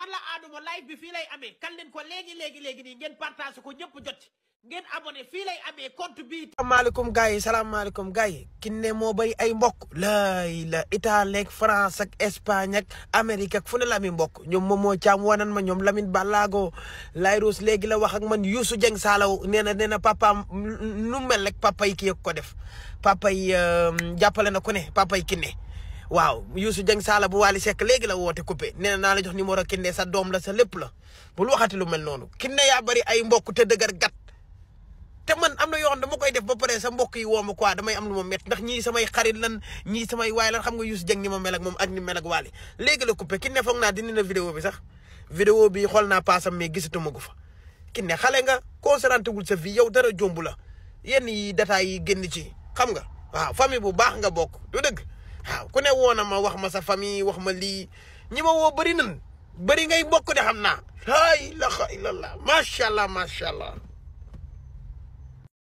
alla aaduma live bi fii lay amee kan leen ko léegi léegi léegi nii ngeen partage ko ñëpp jot ngeen abonné fii lay amee compte bi salaamaaleykum gars yi salaamaaleykum gars yi Kiné moo bay ay mbokk lay la Italie ak France ak Espagne ak Amérique ak ne la mi mbokk ñoom moom moo caam wanan ma ñoom Lamine Ballago Layrose léegi la wax ak man Youssou Dieng Saalaw nee na nee na papaam nu mel rek papa yi kii ko def papa yi euh, jàppale na ku ne papa yi waaw Youssou Dieng saala bu waali Seck léegi la woote coupé nee na naa la jox numéro Kiné sa doom la sa lépp la bul waxati lu mel noonu Kiné yaa bari ay mbokk te dëgër gat te man am na yoo xam koy def ba pare sa mbokk yi woo ma quoi damay am lu ma métti ndax ñii samay xarit lan ñii samay waay lan xam nga Youssou Dieng ni ma mel ak moom ak ni mel ak Waly léegi la coupé Kiné foog naa dindi na vidéo bi sax vidéo bi xool naa paasam mais gisatuma ko fa Kiné xale nga concentré wul sa vie yow dara jombu la yenn yi détails yi génn ci xam nga waaw famille bu baax nga bokk du dëgg ku ne woon na ma wax ma sa famille wax ma lii ñi ma woo bëri nan bëri ngay bokk de xam naa. la ilaha illallah macha allah macha allah.